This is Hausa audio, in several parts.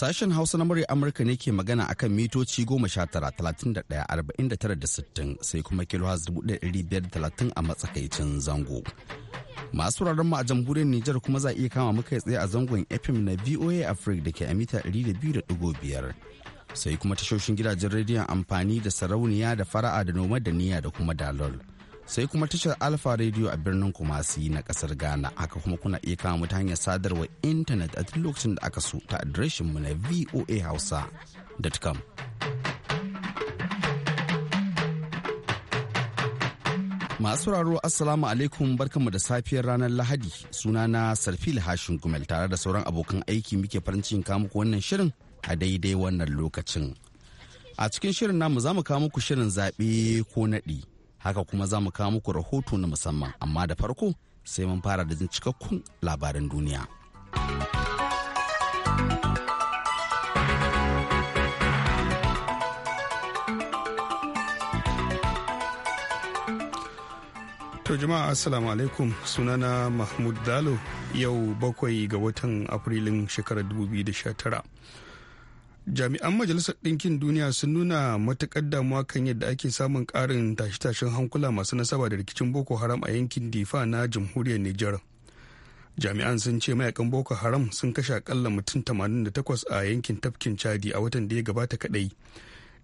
Sashen Hausa na murya Amurka ne ke magana a kan mitoci 19,31,49,60 sai kuma kilohaz 1,530 a matsakaicin zango. Masu wuraren mu a jamhuriyar Nijar kuma za a iya kama muka tsaye a zangon FM na VOA Africa da ke a mita 200.5. Sai kuma tashoshin gidajen rediyon amfani da sarauniya da fara'a da noma da niyya da kuma dalol. sai kuma tashar alfa radio a birnin kumasi na kasar ghana haka kuma kuna iya kama ta hanyar sadarwar intanet a duk lokacin da aka so ta adireshin mu na voa hausa.com masu raro assalamu alaikum barkanmu da safiyar ranar lahadi sunana sarfil hashin gumel tare da sauran abokan aiki muke farin cikin kamuku wannan shirin a daidai wannan lokacin a cikin shirin namu za mu kawo muku shirin zaɓe ko naɗi haka kuma za mu kawo muku rahoto na musamman amma da farko sai mun fara da jin cikakkun labaran duniya. To jama'a assalamu alaikum sunana Mahmud Dalo yau bakwai ga watan Afrilun shekarar jami'an majalisar ɗinkin duniya sun nuna matuƙar damuwa kan yadda ake samun ƙarin tashe-tashen hankula masu nasaba da rikicin boko haram a yankin difa na jamhuriyar nijar jami'an sun ce mayakan boko haram sun kashe akalla mutum 88 a yankin tafkin chadi a watan da ya gabata kaɗai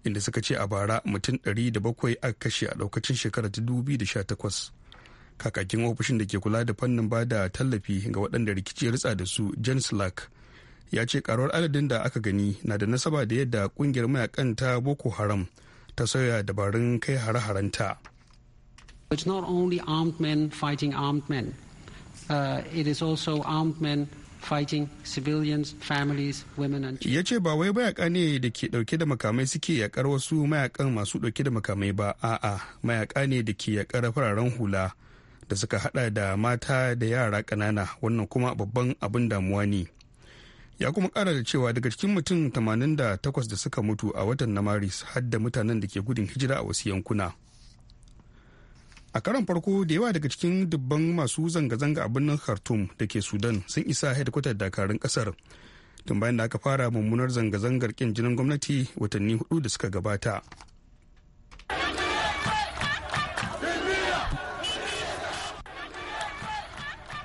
inda suka ce a bara mutum 700 aka kashe a ɗaukacin daukacin shekarar 2018 kakakin ofishin da ke kula da fannin bada tallafi ga waɗanda rikici ya ritsa da su jan slack ya ce karuwar adadin da aka gani na da nasaba da yadda kungiyar mayakan ta boko haram ta sauya dabarun kai hare-harenta It's not only armed men fighting men. Uh, it is men fighting civilians, families, women Ya ce ba wai mayaka ne da ke dauke da makamai suke yakar wasu mayakan masu dauke da makamai ba, a'a mayaka ne da ke yakar fararen hula da suka hada da mata da yara kanana wannan kuma babban abin damuwa ne. ya kuma kara da cewa daga cikin mutum 88 da suka mutu a watan na maris har da mutanen da ke gudun hijira a wasu yankuna a karan farko da yawa daga cikin dubban masu zanga-zanga a birnin khartoum da ke sudan sun isa hedkwatar dakarun kasar tun bayan da aka fara mummunar zanga-zangar kin jinin gwamnati watanni hudu da suka gabata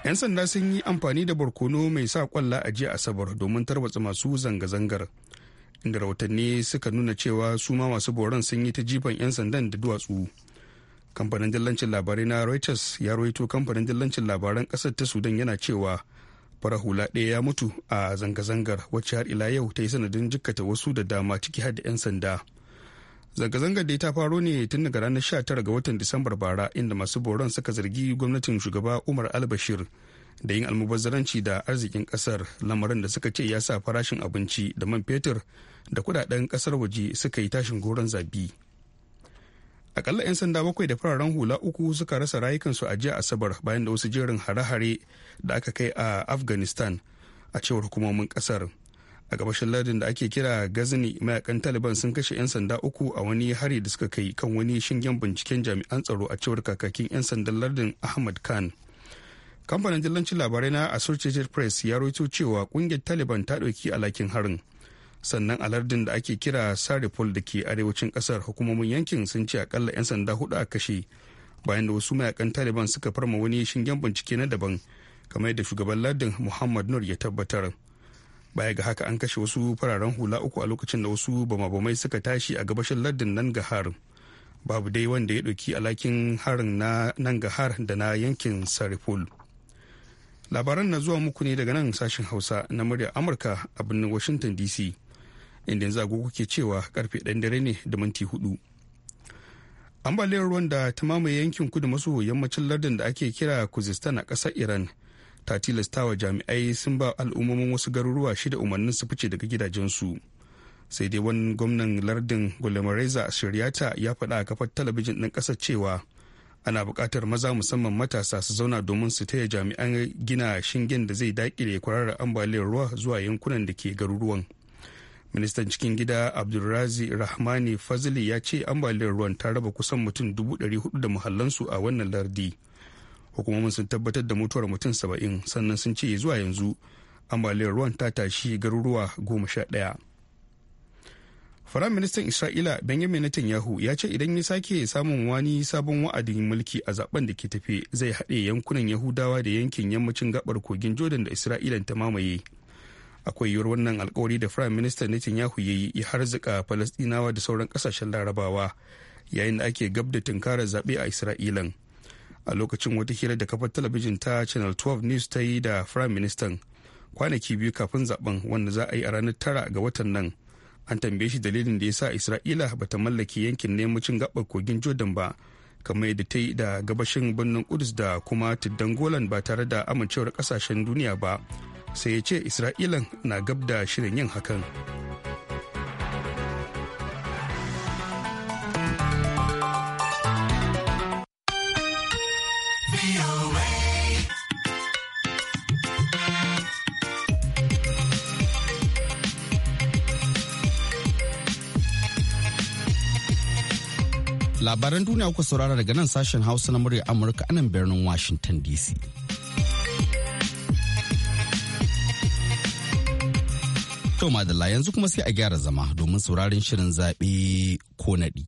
'Yan sanda sun yi amfani da barkono mai sa kwalla a jiya Asabar domin tarwatsa masu zanga-zangar. Inda rahotanni suka nuna cewa su ma masu boron sun yi ta jifan 'yan sandan da duwatsu. Kamfanin dillancin labarai na Reuters ya rawaito kamfanin dillancin labaran ƙasar ta Sudan yana cewa fara hula ɗaya ya mutu a zanga-zangar wacce har ila yau ta yi sanadin jikkata wasu da dama ciki har da 'yan sanda. Zanga-zangar da ta faro ne tun daga ranar 19 ga watan Disambar bara inda masu boron suka zargi gwamnatin shugaba Umar Albashir da yin almubazzaranci da arzikin kasar lamarin da suka ce ya sa farashin abinci da man fetur da kudaden kasar waje suka yi tashin goron zabi. Akalla 'yan sanda bakwai da fararen hula uku suka rasa rayukansu a jiya Asabar bayan da wasu jerin hare-hare da aka kai a Afghanistan a cewar hukumomin kasar. a gabashin lardin da ake kira gazini mayakan taliban sun kashe 'yan sanda uku a wani hari da suka kai kan wani shingen binciken jami'an tsaro a cewar kakakin 'yan sandan lardin ahmad khan kamfanin dillancin labarai na associated press ya roito cewa kungiyar taliban ta ɗauki alakin harin sannan a lardin da ake kira saripol da ke arewacin kasar hukumomin yankin sun ce akalla 'yan sanda hudu a kashe bayan da wasu mayakan taliban suka farma wani shingen bincike na daban kamar yadda shugaban lardin muhammad nur ya tabbatar baya ga haka an kashe wasu fararen hula uku a lokacin da wasu bama bamai suka tashi a gabashin lardin nan harin babu dai wanda ya ɗauki alakin harin na nan har da na yankin saripol labaran na zuwa muku ne daga nan sashen hausa na muryar amurka a birnin washington dc inda yanzu agogo ke cewa karfe ɗan dare ne da minti hudu ambaliyar ruwan da ta mamaye yankin kudu maso yammacin lardin da ake kira kuzistan a ƙasar iran ta tilastawa jami'ai sun ba al'ummomin wasu garuruwa shida umarnin su fice daga gidajensu sai dai wani gwamnan lardin gulemareza shiryata ya faɗa a kafar talabijin ɗin ƙasar cewa ana buƙatar maza musamman matasa su zauna domin su taya jami'an gina shingen da zai daƙile kwararar ambaliyar ruwa zuwa yankunan da ke garuruwan ministan cikin gida abdulrazi rahmani fazili ya ce ambaliyar ruwan ta raba kusan mutum 400 da muhallansu a wannan lardi hukumomin sun tabbatar da mutuwar mutum saba'in sannan sun ce zuwa yanzu ambaliyar ruwan ta tashi garuruwa goma sha ɗaya Firaministan Isra'ila Benjamin Netanyahu ya ce idan ya sake samun wani sabon wa'adin mulki a zaben da ke tafe zai haɗe yankunan Yahudawa da yankin yammacin gabar kogin Jordan da Isra'ilan ta mamaye. Akwai yiwuwar wannan alkawari da Firaministan Netanyahu ya yi ya harzika Falastinawa da sauran kasashen Larabawa yayin da ake gab da tunkarar zaɓe a Isra'ilan. a lokacin wata hira da kafar talabijin ta channel 12 news ta yi da prime minister kwanaki biyu kafin zaben wanda za a yi a ranar tara ga watan nan an tambaye shi dalilin da ya sa isra'ila ba ta mallake yankin nemacin gabar kogin jordan ba kamar yadda ta yi da gabashin birnin kudus da kuma tuddan golan ba tare da amincewar kasashen duniya ba sai ya ce isra'ilan na gab da shirin yin hakan labaran duniya kuka saurara daga nan sashen hausa na murya amurka anan birnin washington dc To madalla yanzu kuma sai a gyara zama domin sauraron shirin zaɓe ko naɗi.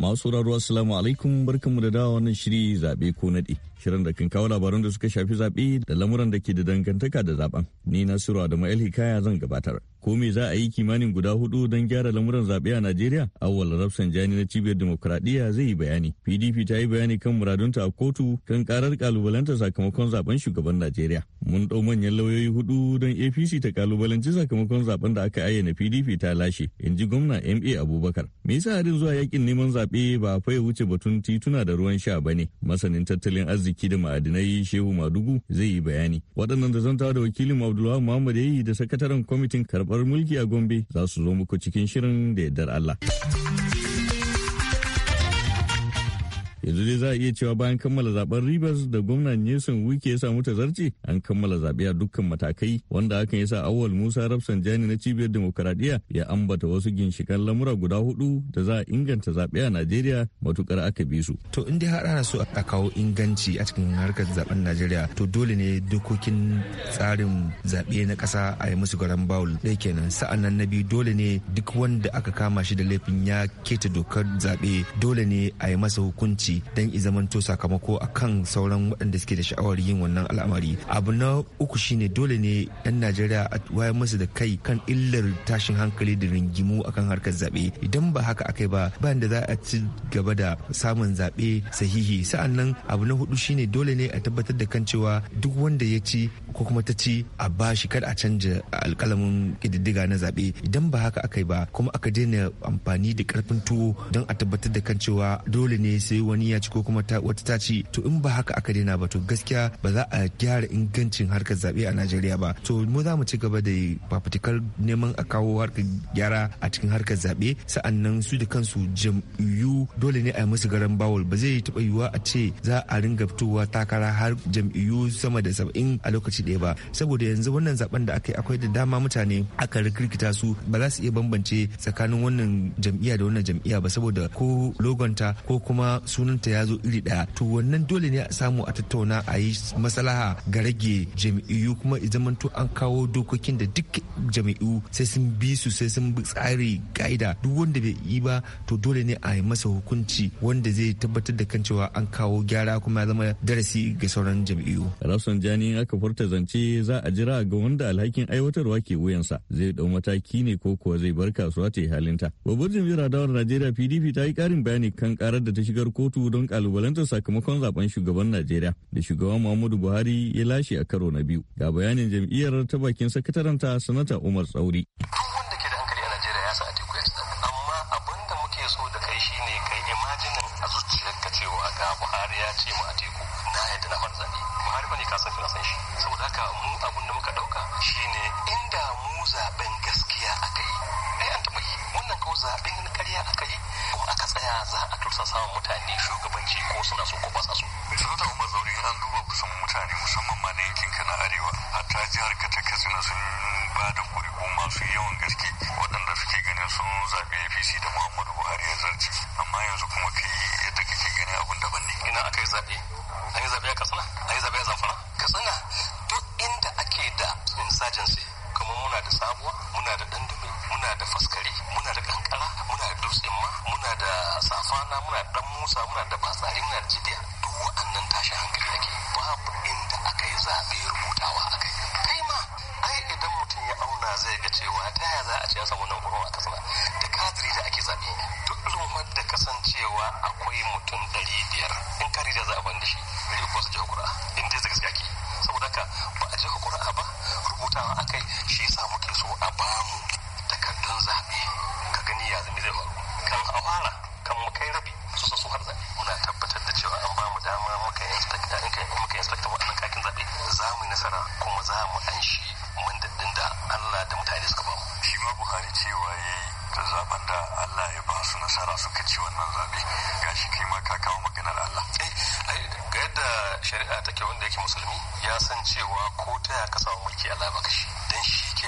Masu sauraro Assalamu alaikum barkanmu da dawa wannan shiri zaɓe ko naɗi. kiran da kan kawo labaran da suka shafi zaɓe da lamuran da ke da dangantaka da zaben. Ni Nasiru da Ma'il Hikaya zan gabatar. Ko me za a yi kimanin guda hudu don gyara lamuran zaɓe a Najeriya? Awwal jani na Cibiyar Dimokuraɗiyya zai yi bayani. PDP ta yi bayani kan muradunta a kotu kan karar kalubalanta sakamakon zaben shugaban Najeriya. Mun ɗau manyan lauyoyi hudu don APC ta kalubalanci sakamakon zaben da aka ayyana PDP ta lashe, in ji gwamna MA Abubakar. Me yasa harin zuwa yakin neman zaɓe ba fa ya wuce batun tituna da ruwan sha ba ne? Masanin tattalin arziki wakilin da ma'adinai Shehu Madugu zai yi bayani. Waɗannan da zanta da wakilin Abdullahi Muhammad yayi da sakataren kwamitin karɓar mulki a Gombe za su zo muku cikin shirin da yardar Allah. yanzu dai za a iya cewa bayan kammala zaben rivers da gwamnan nelson wike ya samu tazarci an kammala zaɓe a dukkan matakai wanda hakan ya sa awal musa jani na cibiyar demokaradiyya ya ambata wasu ginshikan lamura guda hudu da za a inganta zaɓe a najeriya matukar aka bi su to in dai har ana so a kawo inganci a cikin harkar zaben najeriya to dole ne dokokin tsarin zaɓe na ƙasa a yi musu garan bawul ɗaya kenan sa'an nan na biyu dole ne duk wanda aka kama shi da laifin ya keta dokar zaɓe dole ne a yi masa hukunci dan don i zamanto sakamako kan sauran waɗanda suke da sha'awar yin wannan al'amari abu na uku shine dole ne 'yan najeriya a wayar masa da kai kan illar tashin hankali da ringimu akan harkar zaɓe idan ba haka akai ba bayan da za a ci gaba da samun zaɓe sahihi sa'an nan abu na hudu shine dole ne a tabbatar da kan cewa duk wanda ya ci ko kuma ta ci a ba shi kada a canja alkalamin ƙididdiga na zaɓe idan ba haka akai ba kuma aka daina amfani da karfin tuwo don a tabbatar da kan cewa dole ne sai wani ya ci ko kuma wata ta ci to in ba haka aka daina ba to gaskiya ba za a gyara ingancin harkar zaɓe a najeriya ba to mu za mu ci gaba da fafutukar neman a kawo harkar gyara a cikin harkar zaɓe sa'annan su da kansu jam'iyyu dole ne a yi musu garan bawul ba zai taɓa yiwuwa a ce za a ringa fitowa takara har jam'iyyu sama da saba'in a lokaci ɗaya ba saboda yanzu wannan zaben da aka yi akwai da dama mutane aka rikirkita su ba za su iya bambance tsakanin wannan jam'iyya da wannan jam'iyya ba saboda ko logonta ko kuma su sunanta ya zo iri daya to wannan dole ne a samu a tattauna a yi maslaha ga rage jam'iyyu kuma idan to an kawo dokokin da duk jamiu sai sun bi su sai sun bi tsari ka'ida duk wanda bai yi ba to dole ne a yi masa hukunci wanda zai tabbatar da kan cewa an kawo gyara kuma ya zama darasi ga sauran jamiu. Rasan Jani aka furta zance za a jira ga wanda alhakin aiwatarwa ke wuyansa zai dau mataki ne ko kuwa zai bar kasuwa ta yi halinta. Babbar jami'ar adawar Najeriya PDP ta yi karin bayani kan karar da ta shigar kotu kotu don kalubalantar sakamakon zaben shugaban Najeriya da shugaban Muhammadu Buhari ya lashe a karo na biyu. Ga bayanin jam'iyyar ta bakin sakataranta sanata Umar Tsauri.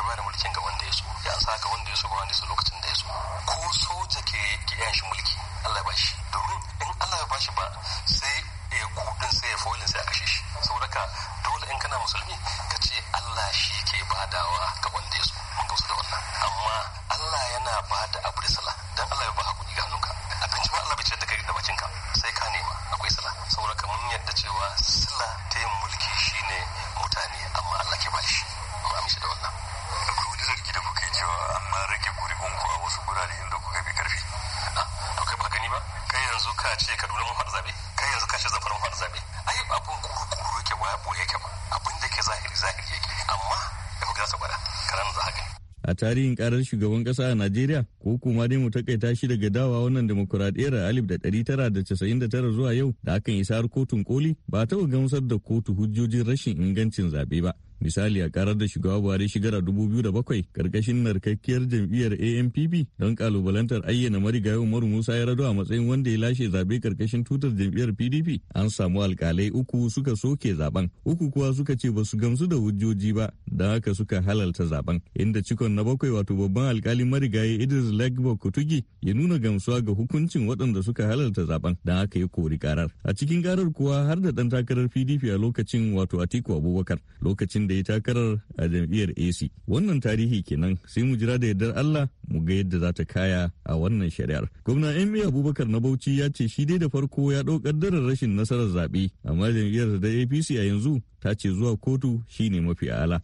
bada mulkin ga wanda ya so ya sa ga wanda ya so ba wanda ya so lokacin da ya so ko soja ke ke yan shi mulki Allah ya bashi domin in Allah ya bashi ba sai ya kudin sai ya folin sai ya kashe shi saboda ka dole in kana musulmi ka ce Allah shi ke badawa ga wanda ya so mun gausu da wannan amma Allah yana bada tarihin karar shugaban kasa a Najeriya? ko kuma dai mu takaita shi daga dawa wannan demokuraɗiyar alif da ɗari tara da casa'in da tara zuwa yau da akan isa har kotun koli ba taɓa gamsar da kotu hujjojin rashin ingancin zaɓe ba. misali a karar da shugaba buhari shigar a 2007 karkashin narkakkiyar jam'iyyar anpp don kalubalantar ayyana marigayi umaru musa ya rado a matsayin wanda ya lashe zabe karkashin tutar jam'iyyar pdp an samu alkalai uku suka soke zaben uku kuwa suka ce ba su gamsu da hujjoji ba da haka suka halalta zaben inda cikon na bakwai wato babban alkalin marigayi idris Legbo Kutugi ya nuna gamsuwa ga hukuncin waɗanda suka halarta zaben don aka yi kori karar. A cikin karar kuwa har da ɗan takarar PDP a lokacin wato Atiku Abubakar lokacin da ya takarar a jam'iyyar AC. Wannan tarihi kenan sai mu jira da yardar Allah mu ga yadda za ta kaya a wannan shari'ar. Gwamna Emmy Abubakar na Bauchi ya ce shi dai da farko ya ɗaukar darar rashin nasarar zaɓe amma jam'iyyar da APC a yanzu ta ce zuwa kotu shine mafi ala.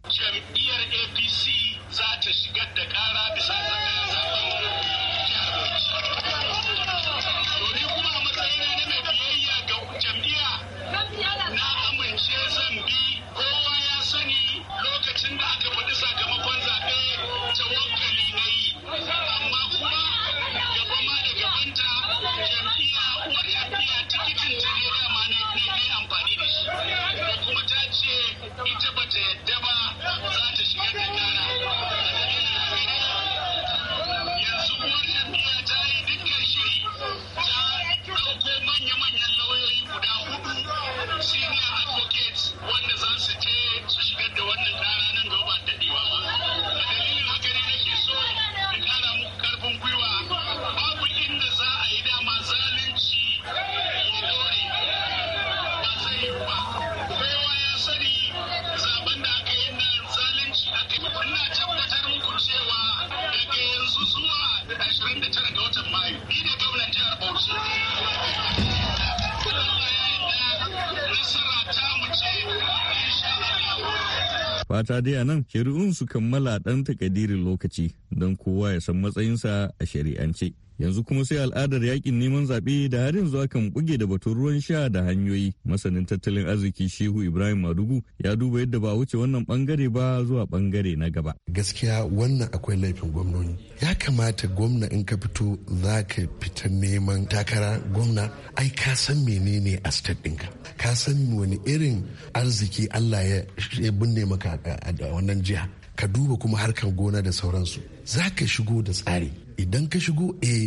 fata dai a nan shari'un su kammala ɗan takadirin lokaci don kowa ya san matsayinsa a shari'ance yanzu kuma sai al'adar yakin neman zaɓe da har yanzu akan buge da batun ruwan sha da hanyoyi masanin tattalin arziki shehu ibrahim madugu ya duba yadda ba wuce wannan bangare ba zuwa bangare na gaba gaskiya wannan akwai laifin gwamnoni ya kamata gwamna in ka fito za ka fita neman takara gwamna ai ka san menene a state ɗinka ka san wani irin arziki Allah ya binne maka a wannan jiha ka duba kuma harkar gona da sauransu za ka shigo da tsari idan ka shigo eh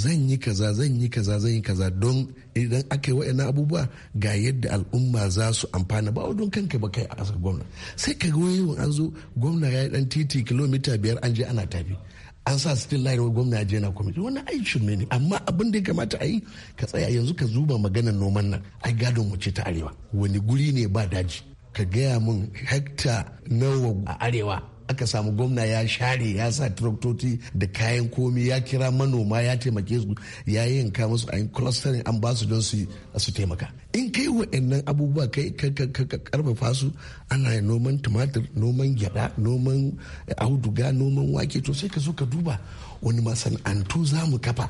zan yi kaza zan yi kaza zan yi kaza don idan aka yi wa'ina abubuwa ga yadda al'umma za su amfana ba don kanka ba kai a gwamna sai ka ga an zo gwamna ya yi dan titi kilomita biyar an je ana tafi an sa still line wa gwamna je na kwamiti wani aiki shirme ne amma abin da ya kamata a yi ka tsaya yanzu ka zuba maganar noman nan ai gadon mu ce ta arewa wani guri ne ba daji ka gaya mun hekta nawa a arewa aka samu gwamna ya share ya sa traktoci da kayan komi ya kira manoma ya taimake su ya yanka musu a clustering an ba su don su taimaka in kai wa'annan abubuwa kai ka karfafa su ana noman tumatir noman gyada noman auduga noman wake to sai ka zo ka duba wani masana'antu za mu kafa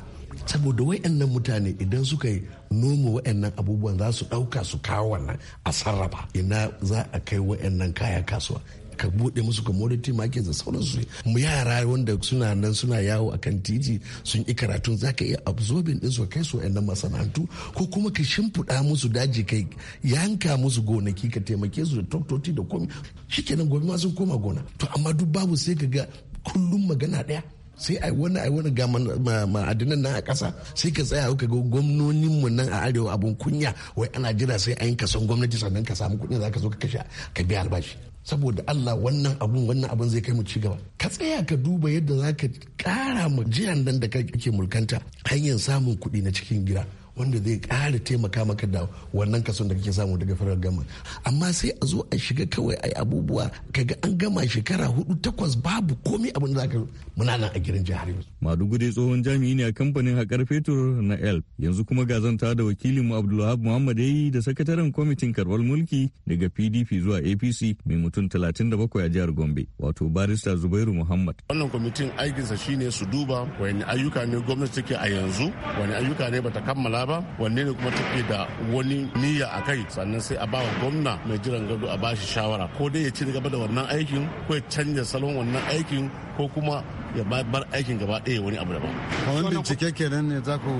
saboda wayannan mutane idan suka yi noma wayannan abubuwan za su ɗauka su kawo wannan a sarrafa ina za a kai wayannan kaya kasuwa ka buɗe musu community market da sauransu mu yara wanda suna nan suna yawo a kan titi sun yi karatun ka iya absorbing din su kai su wayannan masana'antu ko kuma ka shimfiɗa musu daji kai yanka musu gonaki ka taimake su da toktoti da komi shikenan gobe ma sun koma gona to amma duk babu sai ka ga kullum magana ɗaya sai ai wani ai wani ga ma'adinan nan a ƙasa sai ka tsaya ka ga gwamnonin mu nan a arewa abun kunya wai ana jira sai an kason gwamnati sannan ka samu kuɗin za ka zo ka kashe ka biya albashi saboda Allah wannan abun wannan abun zai kai mu ci gaba ka tsaya ka duba yadda zaka kara mu jiyan nan da kake mulkanta hanyar samun kuɗi na cikin gida wanda zai ƙara taimaka maka da wannan kason da kake samu daga farar gama amma sai a zo a shiga kawai a abubuwa kaga an gama shekara hudu takwas babu komai abin da za zaka muna nan a gidan jihar yanzu maduguri tsohon jami'i ne a kamfanin haƙar fetur na el yanzu kuma gazanta da wakilin mu abdulwahab muhammad yi da sakataren kwamitin karbar mulki daga pdp zuwa apc mai mutum talatin 37 a jihar gombe wato barista zubairu muhammad wannan kwamitin aikinsa shine su duba wani ayyuka ne gwamnati take a yanzu wani ayyuka ne bata kammala ba ba wanne ne kuma take da wani niyya a kai sannan sai a ba wa gwamna mai jiran gado a bashi shawara ko dai ya ci gaba da wannan aikin ko ya canja salon wannan aikin ko kuma ya bar aikin gaba ɗaya wani abu daban. Wani bincike kenan ne za ku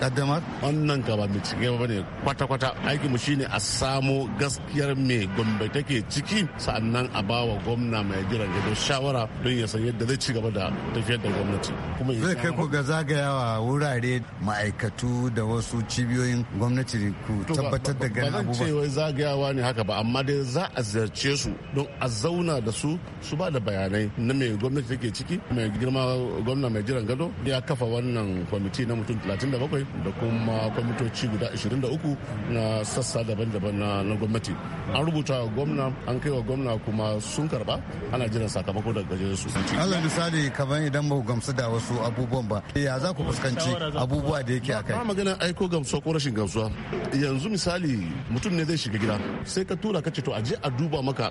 kaddamar? Wannan gaba bincike ba ne kwata-kwata aikin mu ne a samo gaskiyar me gombe take ciki sannan a ba wa gwamna mai jiran gado shawara don ya san yadda zai ci gaba da tafiyar da gwamnati. Kuma zai kai ku ga zagayawa wurare ma'aikatu da wasu cibiyoyin gwamnati ku tabbatar da ganin abubuwa. Ba zan ce zagayawa ne haka ba amma dai za a ziyarce su don a zauna da su su ba da bayanai na me gwamnati take ciki girma gwamna mai jiran gado ya kafa wannan kwamiti na mutum 37 da kuma kwamitoci guda 23 na sassa daban-daban na gwamnati an rubuta gwamna an kai wa gwamna kuma sun karba ana jiran sakamako daga gajeren su allah misali kamar idan ba ku gamsu da wasu abubuwan ba ya za ku fuskanci abubuwa da yake akai ba magana aiko gamsuwa ko rashin gamsuwa yanzu misali mutum ne zai shiga gida sai ka tura ka ce to a je a duba maka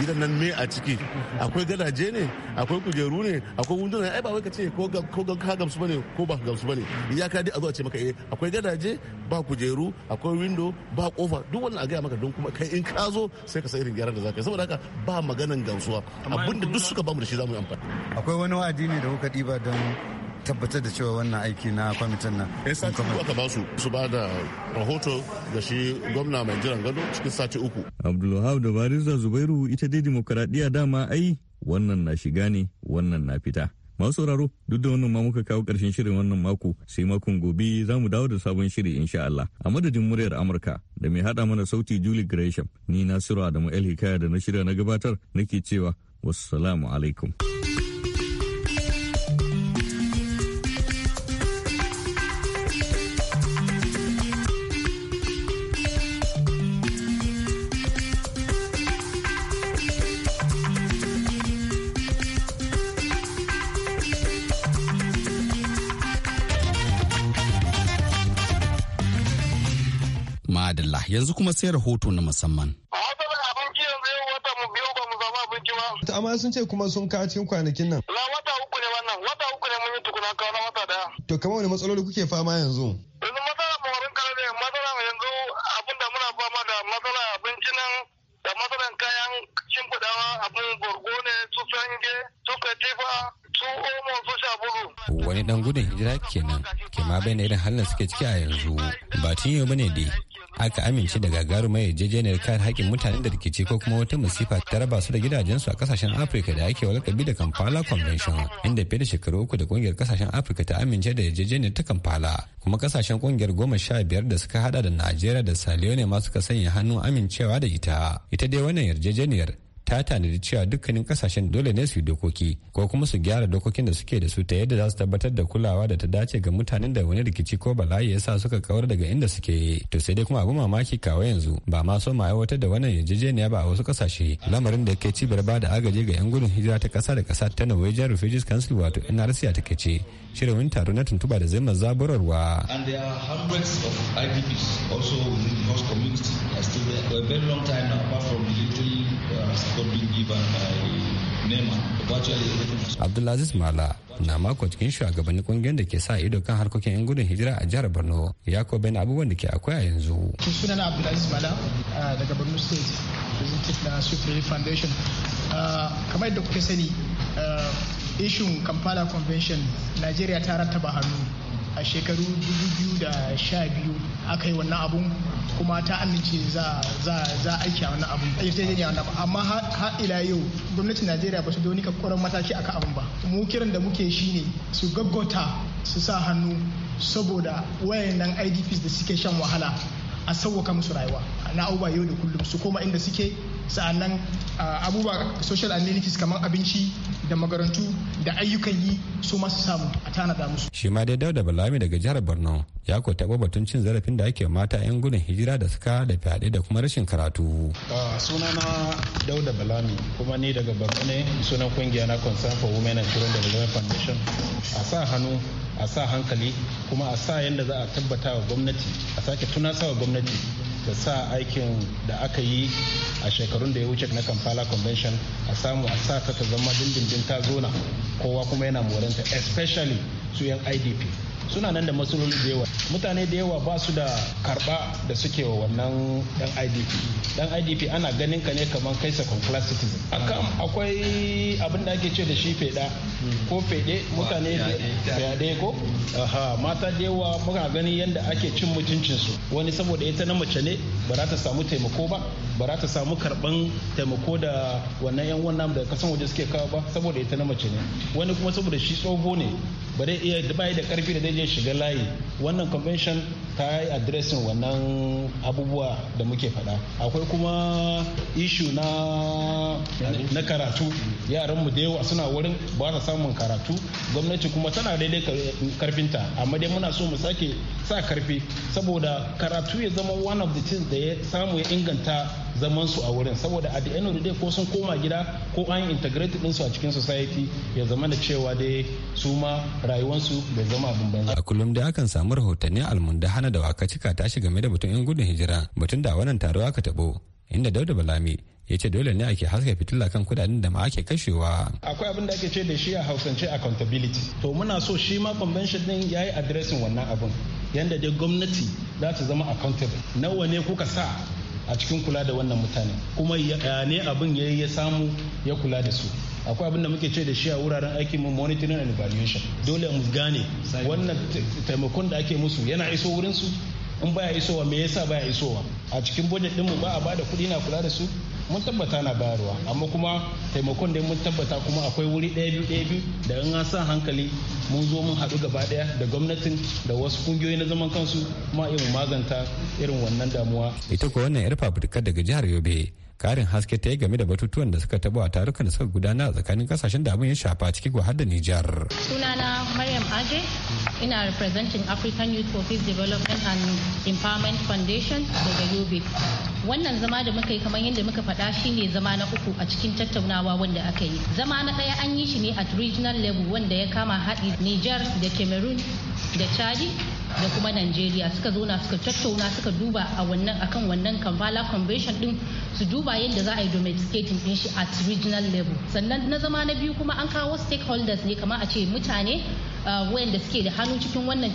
gidan nan me a ciki akwai gadaje ne akwai kujeru ne akwai wunduna ai ba wai ka ce ko ka gamsu bane ko ba ka gamsu bane iyaka dai a zo a ce maka eh akwai gadaje ba kujeru akwai window ba kofa duk wannan a gaya maka don kuma kai in ka zo sai ka san irin gyaran da za ka yi saboda haka ba maganan gamsuwa abinda duk suka bamu da shi za mu yi amfani akwai wani wa'adi ne da kuka diba don tabbatar da cewa wannan aiki na kwamitin nan. Ya sati uku aka ba su su ba da rahoto ga shi gwamna mai jiran gado cikin sati uku. Abdulwahab da Bariza Zubairu ita dai dimokuraɗiyya dama ai wannan na shiga ne wannan na fita. Masu sauraro duk da wannan ma muka kawo ƙarshen shirin wannan mako sai makon gobe za mu dawo da sabon shiri insha Allah. A madadin muryar Amurka da mai haɗa mana sauti Julie Gresham ni Nasiru Adamu El Hikaya da na shirya na gabatar nake cewa wassalamu alaikum. yanzu kuma sai rahoto na musamman. amma sun ce kuma sun kawo cikin kwanakin nan. Na wata uku ne wannan, wata uku ne mun yi tukuna kawo na wata daya. To kamar wani matsaloli kuke fama yanzu? Yanzu matsala mawarin kare ne, matsala yanzu abin da muna fama da matsala abinci nan da matsalan kayan shimfiɗawa abin borgo ne su sange su katifa su omo su shabulu. Wani dan gudun hijira kenan, ke bai na irin halin suke ciki a yanzu. Ba tun yau bane dai aka amince da gagarumar yarjejeniyar kayan haƙƙin mutanen da rikici ko kuma wata masifa ta raba su da gidajensu a kasashen afirka da ake walakabi da kampala convention inda fiye da shekaru uku da kungiyar kasashen afirka ta amince da yarjejeniyar ta kampala kuma kasashen ƙungiyar goma sha biyar da suka hada da najeriya da saliyo ne ma suka sanya hannu amincewa da ita ita dai wannan yarjejeniyar ta tanadi cewa dukkanin kasashen dole ne su yi dokoki ko kuma su gyara dokokin da suke da su ta yadda za su tabbatar da kulawa da ta dace ga mutanen da wani rikici ko bala'i ya sa suka kawar daga inda suke to sai dai kuma abu mamaki kawo yanzu ba ma so ma aiwatar da wannan yarjejeniya ba a wasu kasashe lamarin da ke cibiyar ba da agaji ga yan gudun hijira ta kasa da kasa ta Norwegian Refugees Council wato NRC ta ke ce shirin taro na tuntuba da zai zaburarwa. And there are hundreds of IDPs also within the host community are still there for a very long time now apart from the military Abdulaziz Mala na mako cikin shugabannin kungiyar da ke sa ido kan harkokin 'yan gudun hijira a jihar Borno ya ko bayan abubuwan da ke akwai a yanzu. Sunana Abdulaziz Mala daga Borno State, Representative na Supreme Foundation. Kamar yadda kuka sani, ishin Kampala Convention, Najeriya ta rattaba hannu a shekaru 2012 aka yi wannan abun kuma ta amince za a aiki a wannan abun amma har ila yau gwamnatin najeriya ba su da wani kakkuran mataki aka abun ba mu kiran da muke shine su gaggota su sa hannu saboda wayannan idps da suke shan wahala a sauwaka musu rayuwa na uba yau da kullum su koma inda suke sa'annan ah, abubuwa social amenities kamar abinci da magarantu da ayyukan yi su masu samu a tanada musu. shi ma dai dauda balami daga jihar borno ya ko taɓa batun cin zarafin da ake mata 'yan gudun hijira da suka da fyaɗe da kuma rashin karatu. Ah, suna na dauda balami kuma ni daga borno ne sunan kungiya na concern for women and children development foundation a sa hannu a sa hankali kuma a sa yadda za a tabbata wa gwamnati a sake tunasa wa gwamnati ta sa aikin da aka yi a shekarun da ya wuce na kampala convention a samu a sa ta ta zama dindindin ta zona kowa kuma yana moranta especially su yan idp suna nan da matsaloli da yawa mutane da yawa ba su da karba da suke wa wannan dan idp dan idp ana ganin ka ne kamar kai second class citizen akan akwai abin da ake ce da shi feda ko fede mutane da ko aha mata da yawa muka gani yanda ake cin mutuncin su wani saboda ita na mace ne ba za ta samu taimako ba ba za ta samu karban taimako da wannan yan wannan da kasan waje suke kawo ba saboda ita na mace ne wani kuma saboda shi tsoho ne ba zai iya da karfi da zai shiga layi wannan convention ta yi addressing wannan abubuwa da muke faɗa akwai kuma ishu na na karatu yaran mu da yawa suna wurin ba na samun karatu gwamnati kuma tana daidai karfinta amma dai muna so mu sake sa karfi saboda karatu ya zama one of the things da ya samu ya inganta zaman su a wurin saboda a da da dai ko sun koma gida ko an integrated din su a cikin society ya zama da cewa dai su ma rayuwarsu bai zama abin banza a kullum da akan samu rahotanni almunda hana da waka cika tashi game da mutum yan gudun hijira butun da wannan taro aka tabo inda dauda balami ya ce dole ne ake haska fitila kan kudaden da ma ake kashewa. Akwai abin da ake ce da shi a hausance accountability. To muna so shi ma convention din ya yi addressing wannan abin. Yanda dai gwamnati za ta zama accountable. Nawa ne kuka sa a cikin kula da wannan mutane kuma ne abin ya ya samu ya kula da su akwai abin da muke ce da shi a wuraren aikin mu monitoring and evaluation dole mu gane wannan taimakon da ake musu yana iso wurin su in baya isowa me yasa baya isowa a cikin budget din mu ba a bada kuɗi na kula da su mun tabbata na bayarwa amma kuma taimakon da mun tabbata kuma akwai wuri ɗaya biyu ɗaya biyu da in an sa hankali mun zo mun haɗu gaba ɗaya da gwamnatin da wasu kungiyoyi na zaman kansu kuma mu maganta irin wannan damuwa ita ko wannan yar fafutukar daga jihar yobe karin haske ta yi game da batutuwan da suka tabo a tarukan da suka gudana a tsakanin kasashen da abin ya shafa ciki har da Nijar. Sunana Maryam Aje, ina representing African Youth for Peace Development and Empowerment Foundation daga Yobe. Wannan zama da muka yi kamar yadda muka faɗa shi ne zama na uku a cikin tattaunawa wanda aka yi. Zama na ɗaya an yi shi ne at regional level wanda ya kama haɗi Nijar da Cameroon da Chadi da kuma Najeriya suka zauna suka tattauna suka duba a wannan akan wannan Kampala Convention din su duba yadda za a yi domesticating din shi at regional level sannan na zama na biyu kuma an kawo stakeholders ne kamar a ce mutane uh, wayanda suke da hannu cikin wannan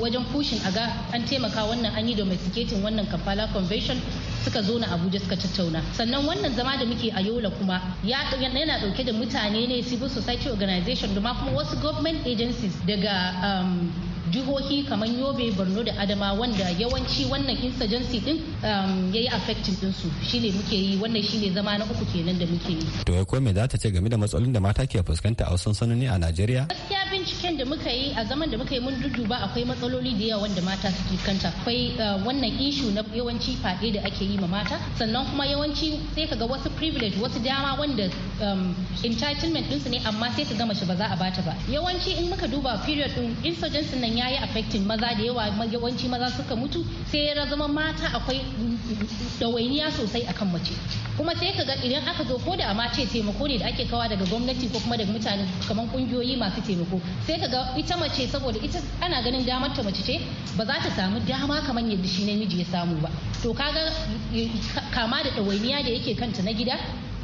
wajen pushing a ga an taimaka wannan an yi domesticating wannan kampala convention suka zo na abuja suka tattauna sannan wannan zama da muke a yola kuma ya yana dauke da mutane ne civil society organization da kuma wasu government agencies daga um, jihohi kamar yobe borno da adama wanda yawanci wannan insurgency din um, ya yi affecting dinsu shine muke yi wannan shine zama na uku kenan da muke yi to ya kome za ta ce game da matsalolin da mata ke fuskanta a wasu sansanoni a najeriya gaskiya binciken da muka yi a zaman da muka yi mun duduba akwai matsaloli da yawa wanda mata su fuskanta akwai uh, wannan ishu na yawanci fade da ake yi ma mata sannan kuma yawanci sai ga wasu privilege wasu dama wanda um, entitlement dinsu ne amma sai ka gama mace ba za a bata ba yawanci in muka duba period din insurgency nan ya yi affecting maza da yawa yawanci maza suka mutu sai ya zama mata akwai dawainiya sosai akan mace kuma sai ka ga idan aka zo ko da a mace taimako ne da ake kawa daga gwamnati ko kuma daga mutane kamar kungiyoyi masu taimako sai ka ga ita mace saboda ita ana ganin damar ta mace ce ba za ta samu dama kamar yadda shi namiji ya samu ba to kaga kama da dawainiya da yake kanta na gida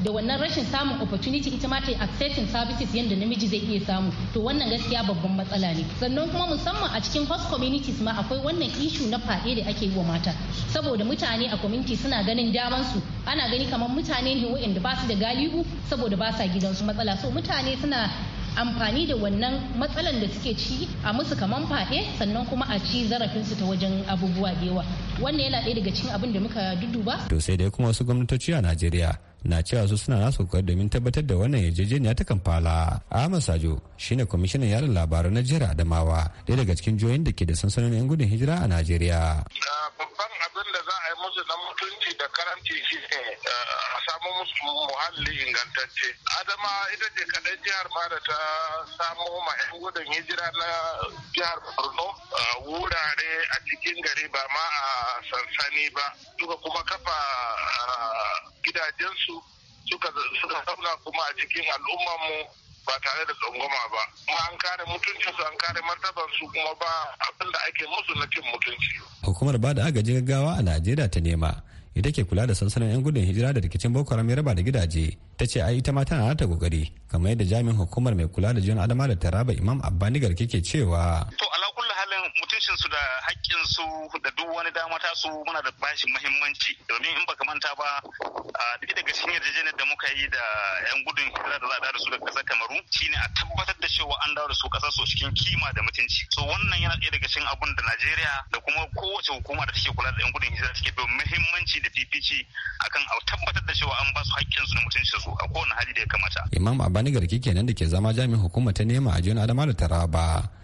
da wannan rashin samun opportunity ita ma ta yi accessing services yadda namiji zai iya samu to wannan gaskiya babban matsala ne sannan kuma musamman a cikin host communities ma akwai wannan issue na fade da ake yi wa mata saboda mutane a community suna ganin daman su ana gani kamar mutane ne basu ba su da galihu saboda ba sa gidansu matsala so mutane suna amfani da wannan matsalan da suke ci a musu kaman faɗe sannan kuma a ci zarafinsu ta wajen abubuwa da yawa wannan yana ɗaya daga cikin abin da muka dudduba to sai dai kuma wasu gwamnatoci a najeriya na cewa su suna nasu kokari domin tabbatar da wannan yarjejeniya ta kamfala ahmad sajo shine kwamishinan yada labaru na jihar adamawa daya daga cikin jihohin da ke da sansanonin 'yan gudun hijira a najeriya babban abin da za a yi musu na mutunci da karanci shi ne eh, a samu musu muhalli ingantacce adama ita ce kaɗai jihar ma da ta samu ma 'yan gudun hijira na jihar borno eh, wurare a cikin gari ba ma a sansani ba suka kuma kafa eh, gidajensu suka zauna kuma a cikin al'ummarmu ba tare da tsangwama ba kuma an kare mutuncinsu an kare su kuma ba abin da ake musu na cin mutunci. hukumar ba da agaji gaggawa a najeriya ta nema ita ke kula da sansanin 'yan gudun hijira da rikicin boko haram ya raba da gidaje ta ce ai ita ma tana nata kokari kamar yadda jami'in hukumar mai kula da jiyon adama da taraba imam abba garke ke cewa. to halin mutuncinsu da haƙƙinsu da duk wani dama ta su muna da bashi muhimmanci domin in baka manta ba ɗaya daga cikin yarjejeniyar da muka yi da 'yan gudun hijira da za a da su daga ƙasar kamaru shine a tabbatar da cewa an dawo da su ƙasar su cikin kima da mutunci so wannan yana ɗaya daga cikin abun da najeriya da kuma kowace hukuma da take kula da 'yan gudun hijira take bai muhimmanci da fifici akan a tabbatar da cewa an ba su haƙƙinsu da mutuncinsu a kowane hali da ya kamata. imam abani garki kenan da ke zama jami'in hukuma ta nema a jihar adama da taraba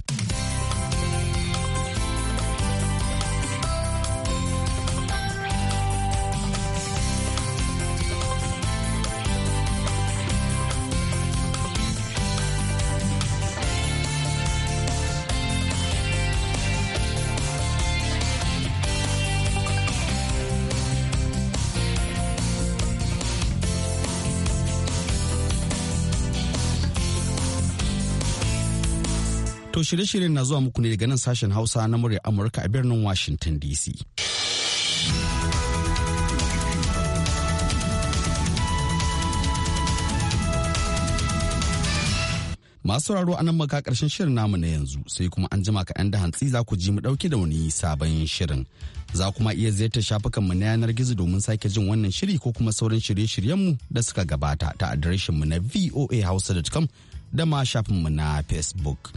shirye-shiryen na zuwa muku ne daga nan sashen Hausa na murya Amurka a birnin Washington DC. Masu sauraro nan maka karshen shirin namu na yanzu sai kuma an jima ka 'yan da hantsi za ku ji mu dauke da wani sabon shirin. Za kuma iya ziyartar shafukanmu na yanar gizo domin sake jin wannan shiri ko kuma sauran shirye-shiryenmu da suka gabata ta adireshinmu na voahausa.com da ma shafinmu na Facebook.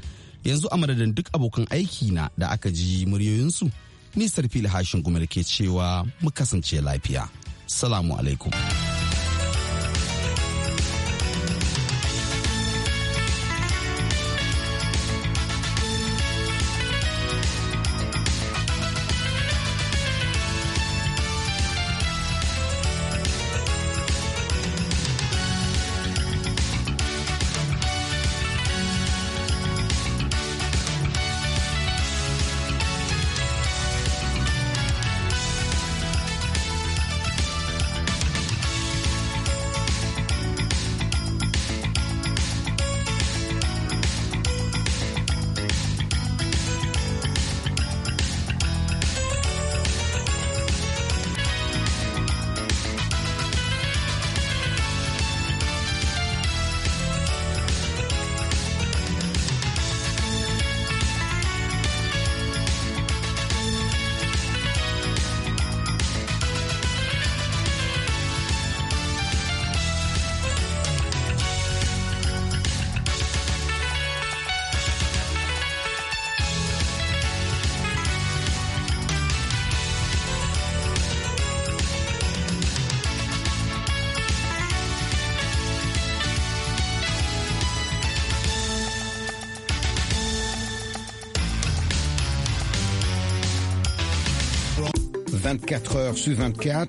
yanzu a madadin duk abokan aiki na da aka ji muryoyinsu ni sarfi hashin gumar ke cewa mu kasance lafiya salamu alaikum 4 heures sur 24